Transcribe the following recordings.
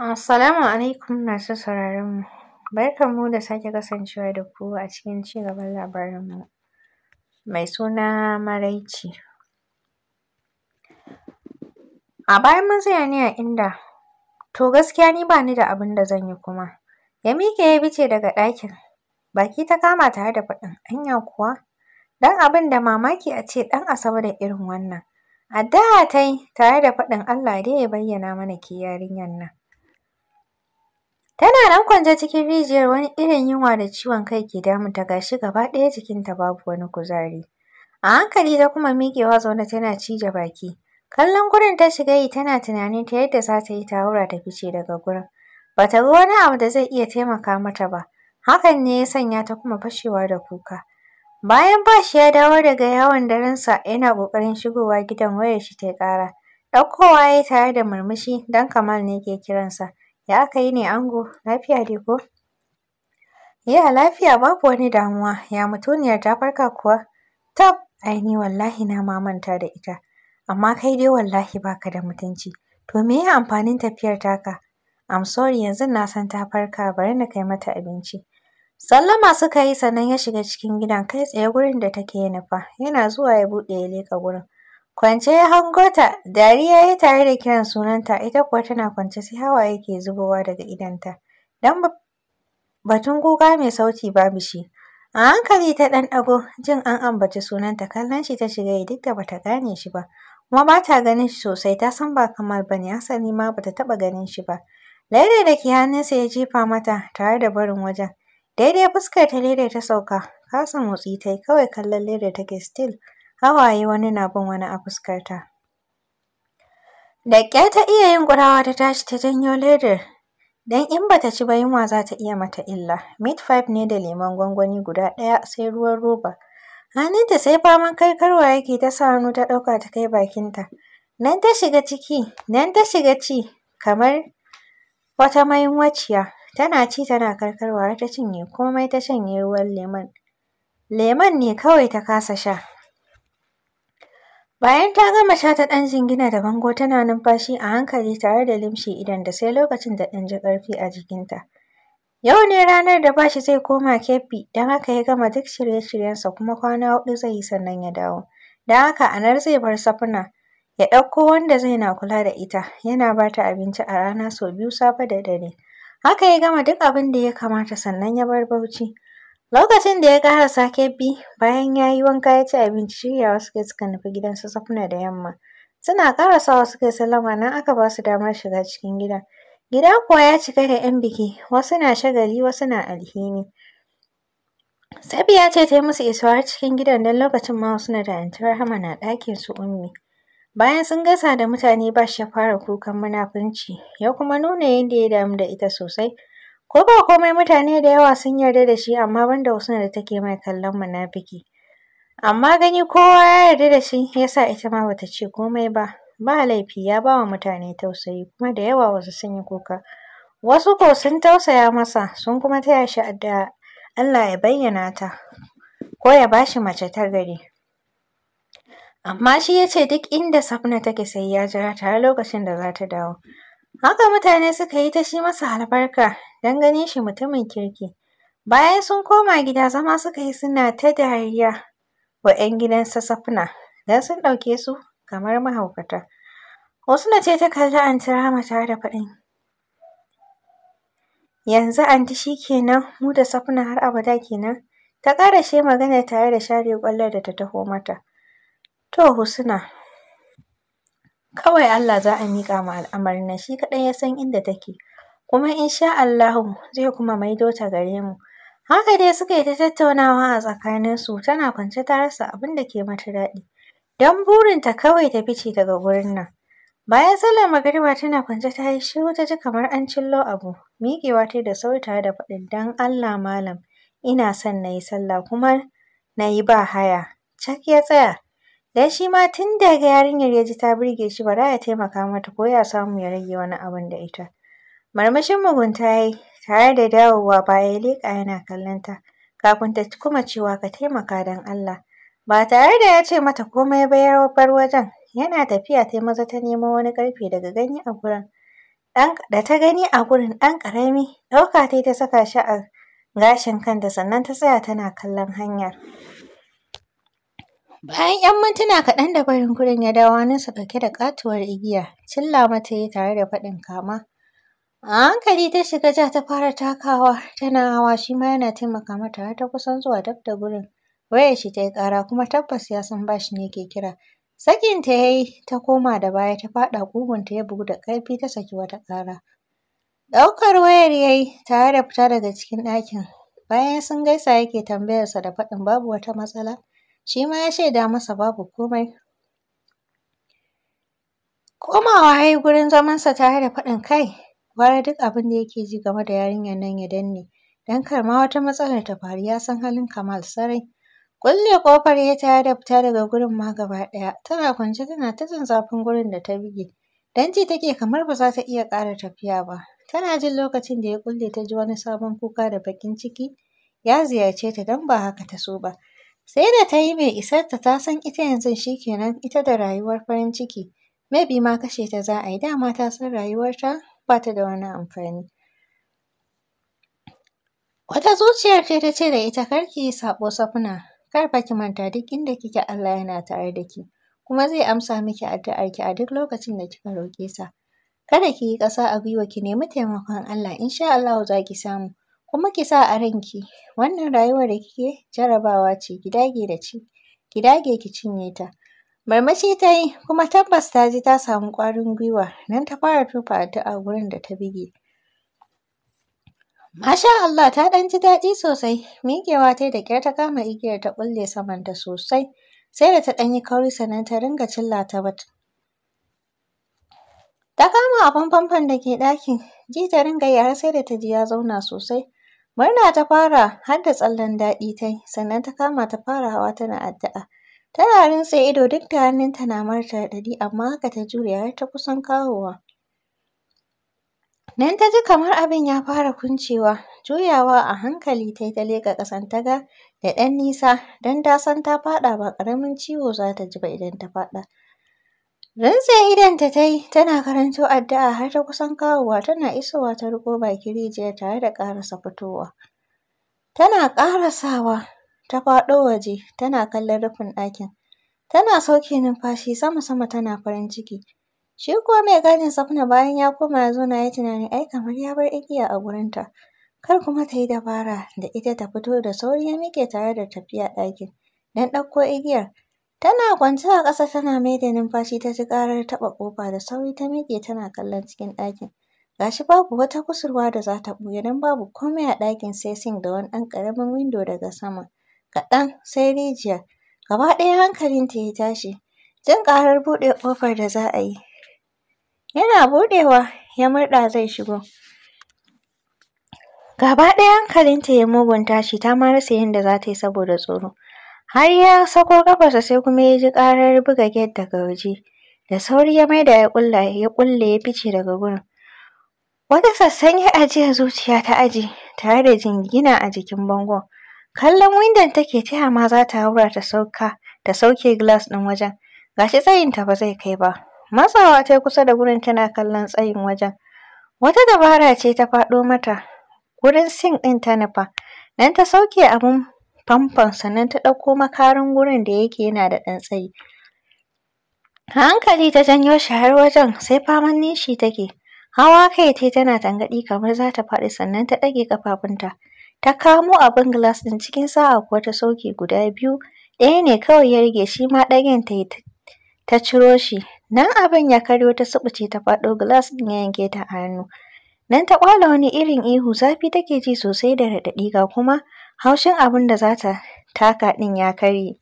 Assalamu alaikum masu sauraron mu. Barkanmu da sake kasancewa da ku a cikin ci gaban labarin mu mai suna maraici. A bayan mun tsaya ne a inda to gaskiya ni ba ni da abin da zan yi kuma. Ya miƙe ya fice daga ɗakin. Baki ta kama tare da faɗin anya kuwa. Dan abin da mamaki a ce ɗan Asabe da irin wannan. A da tai tare da faɗin Allah dai ya bayyana mana ke yarinyar nan. Tana nan kwanje cikin rijiyar wani irin yunwa da ciwon kai ke damunta gashi gaba ɗaya jikinta babu wani kuzari. A hankali ta kuma miƙewa zaune tana cije baki. Kallon gurin ta shiga yi tana tunanin ta yadda za ta yi ta ta fice daga gurin. Ba ta ga wani abu da zai iya taimaka mata ba. Hakan ne ya sanya ta kuma fashewa da kuka. Bayan shi ya dawo daga yawon darensa yana ƙoƙarin shigowa gidan wayar shi ta ƙara. Ɗaukowa ya yi tare da murmushi don Kamal ne ke kiransa. Ya aka yi ne ango? Lafiya dai ko? Ya lafiya babu wani damuwa. Ya mutuniyar ta farka kuwa? Tab! aini wallahi na ma manta da ita. Amma kai dai wallahi baka da mutunci. To me ya amfanin tafiyar taka? I'm sorry yanzu na san ta farka bari na kai mata abinci. Sallama suka yi sannan ya shiga cikin gidan kai tsaye gurin da take ya nufa. Yana zuwa ya buɗe ya leƙa gurin. Kwance ya hango ta, dariya ya tare da kiran sunanta, ita kuwa tana kwance sai hawaye ke zubowa daga idanta dan batun guga mai sauti babu shi. A hankali ta ɗan ɗago, jin an ambaci sunanta, kallon shi ta shiga yi duk da bata gane shi ba. Kuma ba ta ganin shi sosai, ta san ba kamar, bani asali ma bata taɓa ganin shi ba. Laidai da ke hannunsa ya jefa mata tare da barin wajen. Daidai fuskar ta laidar ta sauka, kasan motsi ta yi kawai kallon laida take still. hawaye wani na bin wani a fuskarta. Da ƙyar ta iya yin gurawa ta tashi ta janyo ledar don in bata ci ba yunwa za ta iya mata illa. Meat five ne da lemon gwangwani guda ɗaya sai ruwan roba. Hannunta sai faman karkarwa yake ta sa hannu ta ɗauka ta kai bakinta. Nan ta shiga ciki, nan ta shiga ci kamar wata mayunwaciya. Tana ci tana karkarwa har ta cinye komai ta shanye ruwan lemon. Lemon ne kawai ta kasa sha. Bayan ta gama shata ɗan jingina da bango tana numfashi a hankali tare da limshe idan da sai lokacin da ɗan ji ƙarfi a jikinta. Yau ne ranar da bashi zai koma Kebbi don haka ya gama duk shirye-shiryensa kuma kwana huɗu zai yi sannan ya dawo. Don haka Anar zai bar safuna, ya ɗauko wanda zai na kula da ita yana ba ta abinci a rana sau biyu safe da dare. Haka ya gama duk abin da ya kamata sannan ya bar Bauchi. Lokacin da ya sake bi bayan ya yi wanka ya ci abinci, shiryawa suke suka nufi gidan su da yamma. Suna ƙarasawa suka yi sallama nan aka ba su damar shiga cikin gida. Gida kuwa ya cika da 'yan biki, wasu na shagali wasu na alhini. Safiya ce ta yi musu isuwa har cikin gidan don lokacin ma na da Anti Rahama na ɗakin su Ummi. Bayan sun gaisa da mutane ba shi ya fara kukan munafunci, ya kuma nuna yadda ya damu da ita sosai. Ko ba komai mutane da yawa sun yarda da shi amma banda Husna da take mai kallon munafiki. Amma gani kowa ya yarda da shi yasa ita ma bata ce komai ba. Ba laifi ya ba wa mutane tausayi kuma da yawa wasu sun yi kuka. Wasu ko sun tausaya masa sun kuma taya shi addu'a Allah ya bayyana ta ko ya bashi mace ta gari. Amma shi ya ce duk inda Safna take sai ya jira tare lokacin da za ta dawo. Haka mutane suka yi ta shi masa albarka don ganin shi mutumin kirki. Bayan sun koma gida zama suka yi suna ta dariya wa ‘yan gidan sassafina don sun ɗauke su kamar mahaukata. Husna ce ta kalli anti Rahama tare da faɗin yanzu anti shi kenan mu da Safna har abada kenan. Ta ƙara shi magana tare da share ƙwallon da ta taho mata. To Husuna. kawai Allah za a miƙa ma al'amarin nan shi kaɗai ya san inda take. kuma in sha Allahu zai kuma maido ta gare mu. Haka dai suka yi ta tattaunawa a tsakaninsu tana kwance ta rasa abin da ke mata daɗi. Don burinta kawai ta fice daga wurin nan. Bayan sallar magariba tana kwance ta yi shiru ta ji kamar an cillo abu. Miƙewa ta yi da sauri tare da faɗin don Allah malam ina son na yi sallah kuma na yi ba haya. Cak ya tsaya. Don shi ma tun daga yarinyar ya ji ta burge shi ba za ya taimaka mata ko ya samu ya rage wani abin da ita. marmashin mugunta ya yi, tare da dawowa baya ya leƙa yana kallonta, kafin ta kuma cewa ka taimaka don Allah. Ba tare da ya ce mata komai ba ya bar wajen, yana tafiya ta maza ta nemo wani ƙarfe daga gani a gurin. Da ta gani a gurin ɗan ƙarami, ɗauka ta yi ta saka shi a gashin kanta sannan ta tsaya tana kallon hanyar. Bayan ‘yan mintuna kaɗan da barin gurin ya dawo hannunsa ɗauke da ƙatuwar igiya, cilla mata ya yi tare da faɗin kama. A hankali ta shiga ja ta fara takawa tana hawa shi ma yana taimaka mata har ta kusan zuwa dab da gurin. Wayar shi ta yi ƙara kuma tabbas ya san ba shi ne ke kira. Sakinta ya yi ta koma da baya ta faɗa ta ya bugu da ƙarfi ta saki wata ƙara. Ɗaukar wayar ya yi tare da fita daga cikin ɗakin. Bayan sun gaisa yake tambayarsa da faɗin babu wata matsala. Shi ma ya shaida masa babu komai. Komawa ya yi gurin sa tare da faɗin kai Gwara duk abin da yake ji game da yarinyar nan ya danne, don kar ma wata matsalar ta faru ya san halin Kamal sarai. Kulle ƙofar ya taya da fita daga gurin ma gaba ɗaya, tana kwance tana ta jin zafin gurin da ta buge. Don ji take kamar ba za ta iya ƙara tafiya ba. Tana jin lokacin da ya kulle ta ji wani sabon kuka da baƙin ciki ya ziyarce ta don ba haka ta so ba. Sai da ta yi mai isar ta san ita yanzu shi kenan ita da rayuwar farin ciki. Maybe ma kashe ta za a yi, dama ta san rayuwarta bata da wani amfani. Wata zuciyar ce ta ce da ita kar ki yi saɓo safuna, kar fa ki manta duk inda kike Allah yana tare da ke, kuma zai amsa miki addu'arki a duk lokacin da kika roƙe sa. Kada ki yi ƙasa a gwiwa ki nemi taimakon Allah in sha Allahu za ki samu, kuma ki sa a ranki wannan rayuwar da kike jarabawa ce ki dage da ci, ki dage ki cinye ta. Maimaci ta yi kuma tabbas ta ji ta samu ƙwarin gwiwa don ta fara tofa addu'a wurin da ta buge. Masha Allah ta ɗan ji daɗi sosai, miƙewa ta yi da ƙyar ta kama igiyar ta ƙulle ta sosai, sai da ta ɗan yi kauri sannan ta ringa cilla ta bat. Ta kama abin famfon da ke ɗakin, ji ta ringa yi har sai da ta ji ya zauna sosai. Murna ta fara hadda da tsallen daɗi ta yi, sannan ta kama ta fara hawa tana addu'a. Tana rintse ido duk da hannunta na marta ɗari amma haka ta jure har ta kusan kawowa. Nan ta ji kamar abin ya fara kuncewa, juyawa a hankali ta yi ta leƙa ƙasan ta ga da ɗan nisa don ta san ta faɗa ba ƙaramin ciwo za ta ji ba idan ta faɗa. Rintse idonta ta yi tana karanto addu'a har ta kusan kawowa tana isowa ta riƙo bakin rijiyar tare da ƙarasa fitowa. Tana ƙarasawa ta faɗo waje tana kallon rufin ɗakin. Tana sauke numfashi sama-sama tana farin ciki. Shi kuwa mai gadin Safna bayan ya koma ya zo na ya tunani ai kamar ya bar igiya a gurin ta Kar kuma ta yi dabara da ita ta fito da sauri ya miƙe tare da tafiya ɗakin don ɗauko igiyar. Tana kwance a ƙasa tana mai da numfashi ta ji ƙarar taɓa ƙofa da sauri ta miƙe tana kallon cikin ɗakin. Ga shi babu wata kusurwa da za ta ɓuya don babu komai a ɗakin sai sink da wani ɗan ƙaramin windo daga sama. kaɗan sai rijiya. Gaba ɗaya hankalinta ya tashi, jin ƙarar buɗe ƙofar da za a yi. Yana buɗewa ya murɗa zai shigo. Gaba ɗaya hankalinta ya mugun tashi ta ma rasa yadda za ta yi saboda tsoro. Har ya sako ƙafarsa sai kuma ya ji ƙarar buga get daga waje. Da sauri ya maida ya ƙulla ya ƙulle ya fice daga gurin. Wata sassan ya ajiye zuciya ta aji tare da jingina a jikin bangon. Kallon windon take taya ma za ta haura ta sauka ta sauke glass ɗin wajen. Gashi tsayinta ba zai kai ba. Matsawa ta kusa da gurin tana kallon tsayin wajen. Wata dabara ce ta faɗo mata. Gurin sink ɗin ta nufa. Nan ta sauke abin famfon sannan ta ɗauko makarin gurin da yake yana da ɗan tsayi. hankali ta janyo shi har wajen sai faman nishi take. Hawa kai tai tana tangaɗi kamar za ta faɗi sannan ta ɗage ƙafafunta. ta kamo abin glass ɗin cikin sa'a kuwa ta sauke guda biyu ɗaya ne kawai ya rage shi ma ɗayan ta yi ta ciro shi nan abin ya karyo ta suɓuce ta faɗo glass din ya yanke ta a hannu nan ta ƙwala wani irin ihu zafi take ji sosai da raɗaɗi ga kuma haushin abin da za ta taka ɗin ya karye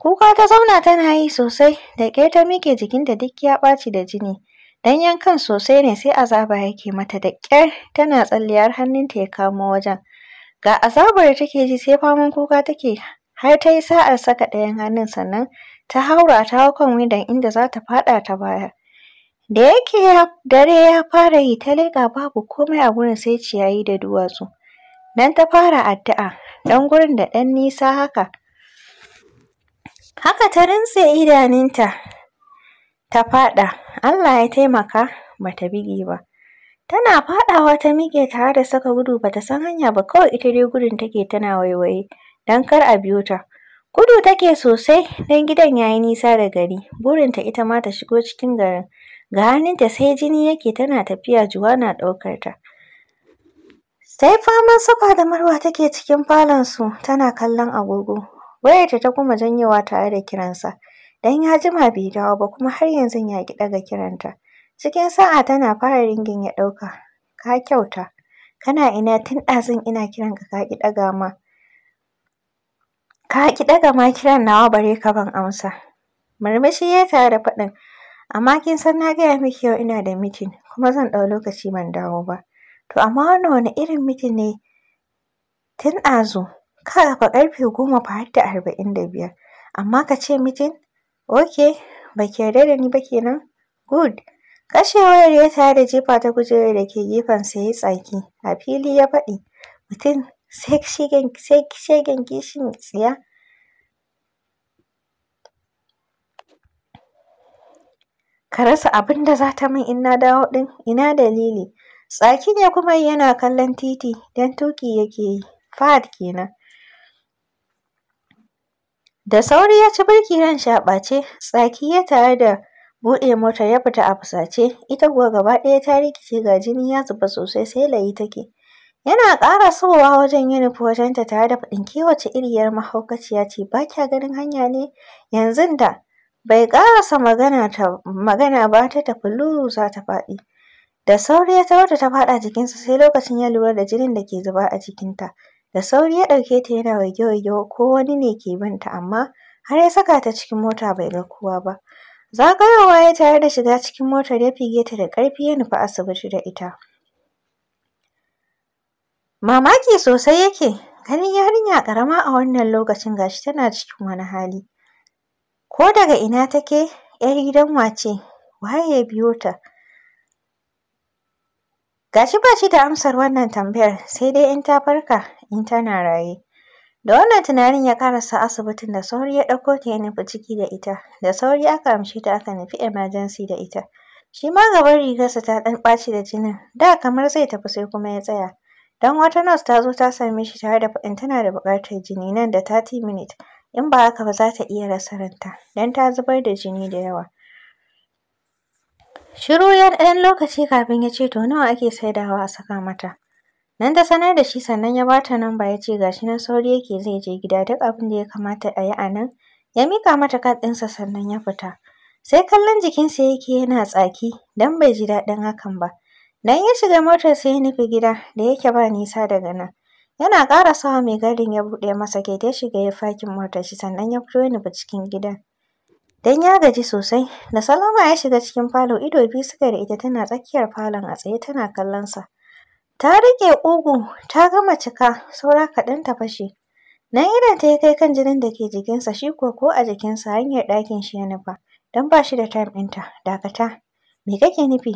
kuka ta zauna tana yi sosai da ƙyar ta miƙe jikinta duk ya ɓaci da jini dan yankan sosai ne sai azaba yake mata da ƙyar tana tsalliyar hannunta ya kamo wajen ga azabar da take ji sai faman kuka take har ta yi sa'ar saka ɗayan hannun sannan ta haura ta hau kan windon inda za ta faɗa ta baya da yake dare ya fara yi ta leƙa babu komai a gurin sai ciyayi da duwatsu nan ta fara addu'a ɗan gurin da ɗan nisa haka haka ta rinse idanunta ta faɗa Allah ya taimaka bata bige ba Tana faɗawa ta miƙe tare da saka gudu bata san hanya ba kawai ita dai gudun take tana waiwaye don kar a biyo ta. Gudu take sosai don gidan yayi nisa da gari, burinta ita ma ta shigo cikin garin. Ga hannunta sai jini yake tana tafiya juwa na ɗaukar ta. Sai faman Safa da Marwa take cikin falon su tana kallon agogo. Wayarta ta kuma janyewa tare da kiransa. Dan ya jima bai dawo ba kuma har yanzu ya ƙi ɗaga kiranta. Cikin sa'a tana fara ringin ya ɗauka. Ka kyauta. Kana ina tun ɗazun ina kiran ka ka ƙi ɗaga ma. Ka ƙi ɗaga ma kiran nawa bare ka ban amsa. Murmushi ya tare da faɗin. Amma kin san na gaya miki yau ina da mitin kuma zan ɗau lokaci ban dawo ba. To amma wannan wani irin mitin ne? Tun ɗazu. Ka fa ƙarfe goma fa har da arba'in da biyar. Amma ka ce mitin? Oke. ba ki yarda da ni ba kenan? Good. Kashe wayar ya tare da jefa ta kujerar da ke gefensa ya yi tsaki. A fili ya faɗi, mutum sai shegen kishin tsiya. Ka rasa abin da za ta min in na dawo ɗin, ina dalili? Tsaki ne kuma yana kallon titi don tuƙi yake yi, Fahad kenan. Da sauri ya ci birki ran shaɓace, tsaki ya tare da buɗe motar ya fita a fusace, ita kuwa gaba ɗaya ta rikice ga jini ya zuba sosai sai layi take. Yana ƙara sowa wajen yin fushinta tare da faɗin kewace wace iriyar mahaukaciya ce ba kya ganin hanya ne yanzun da. Bai ƙarasa magana ta magana ba ta tafi luru za ta faɗi. Da sauri ya tarar ta faɗa jikinsa sai lokacin ya lura da jinin da ke zuba a jikinta. Da sauri ya ɗauke ta yana waige-waige ko wani ne ke binta amma har ya saka ta cikin mota bai ga kowa ba. Zagayowa ya tare da shiga cikin motar ya fige ta da ƙarfi ya nufi asibiti da ita. Mamaki sosai yake ganin yarinya ƙarama a wannan lokacin gashi tana cikin wani hali. Ko daga ina take, 'yar gidan wace, waye ya biyo ta? Gashi ba shi da amsar wannan tambayar sai dai in ta farka in tana raye. Da wannan tunanin ya karasa asibitin da sauri ya ɗauko ta ya nufi ciki da ita. Da sauri aka amshe ta aka nufi emergency da ita. Shi ma gaban rigarsa ta ɗan ɓaci da jinin. Da kamar zai tafi sai kuma ya tsaya. Don wata nurse ta zo ta same shi tare da faɗin tana da buƙatar jini nan da thirty minutes. In ba haka ba za ta iya rasa ranta don ta zubar da jini da yawa. Shiru ya ɗan lokaci kafin ya ce to nawa ake saidawa a saka mata. Nan ta sanar da shi sannan ya bata ba ya ce gashi na sauri yake zai je gida duk abin da ya kamata a yi a nan. Ya mika mata kad ɗinsa sannan ya fita. Sai kallon jikinsa yake yana tsaki don bai ji daɗin hakan ba. Dan ya shiga motar sai ya nufi gida da yake ba nisa daga nan. Yana ƙara sawa mai gadin ya buɗe masa gate ya shiga ya fakin motar shi sannan ya fito ya nufi cikin gidan. Dan ya gaji sosai, da Salama ya shiga cikin falo ido biyu suka da ita tana tsakiyar falon a tsaye tana kallon sa. Ta riƙe ƙugu ta gama cika saura kaɗan ta fashe. Nan idonta ya kai kan jinin da ke jikinsa shi ko ko a jikinsa hanyar ɗakin shi ya nufa don ba shi da time ɗinta. Dakata, me kake nufi?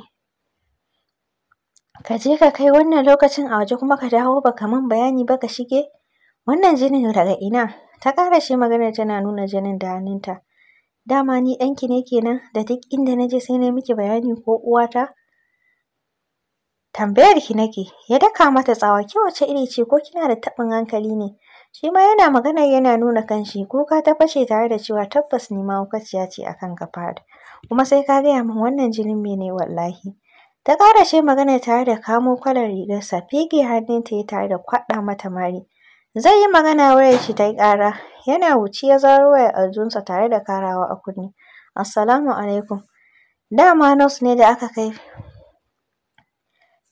Ka je ka kai wannan lokacin a waje kuma ka dawo ba ka min bayani ba ka shige? Wannan jinin daga ina? Ta ƙara shi maganar tana nuna jinin da hannunta. Dama ni ɗanki ne kenan da duk inda na je sai na miki bayani ko uwata? Tambayar ki nake, ya daka mata tsawa, ki wace iri ce ko kina da tabin hankali ne? Shi ma yana magana yana nuna kanshi, kuka ta fashe tare da cewa tabbas ni mahaukaciya ce akan ka Kuma sai ka gaya min wannan jinin mene wallahi. Ta ƙara ce magana tare da kamo kwalar rigarsa, fige hannunta ya tare da kwaɗa mata mari. Zai yi magana wayar shi ta yi ƙara, yana wuci ya zaro wayar aljunsa tare da karawa a kunne. Assalamu alaikum. Dama nos ne da aka kai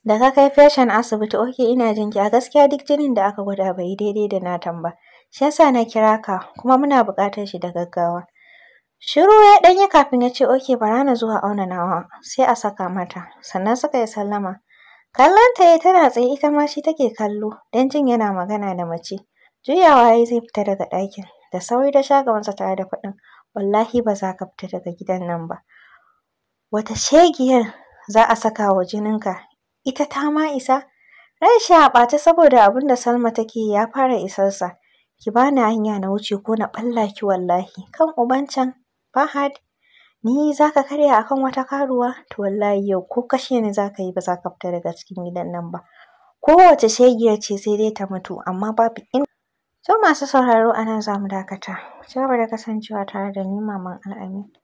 Da ka kai feshen asibiti, oke ina jin ki. A gaskiya duk jinin da aka gwada bai daidai da natan ba. Shi yasa na kira ka kuma muna buƙatar shi da gaggawa. Shiru ya ɗan yi kafin ya ce oke bara na zuwa auna nawa sai a saka mata. Sannan suka yi sallama. Kallon ta yi tana tsaye ita ma shi take kallo don jin yana magana da mace. Juyawa ya zai fita daga ɗakin. Da sauri da sha gabansa tare da faɗin wallahi ba za ka fita daga gidan nan ba. Wata shegiyar za a saka wa jininka ita ta ma isa Raisha ya ɓata saboda abin da Salma take ya fara isarsa. Ki bani hanya na wuce ko na ɓalla ki wallahi. Kan uban can, Fahad, ni za ka karya kan wata karuwa? To wallahi yau ko kashe ni za ka yi ba za ka fita daga cikin gidan nan ba. Kowace shegiyar ce sai dai ta mutu, amma babu in. To masu sauraro a nan za mu dakata. Ku ci gaba da kasancewa tare da ni Maman Al'amin.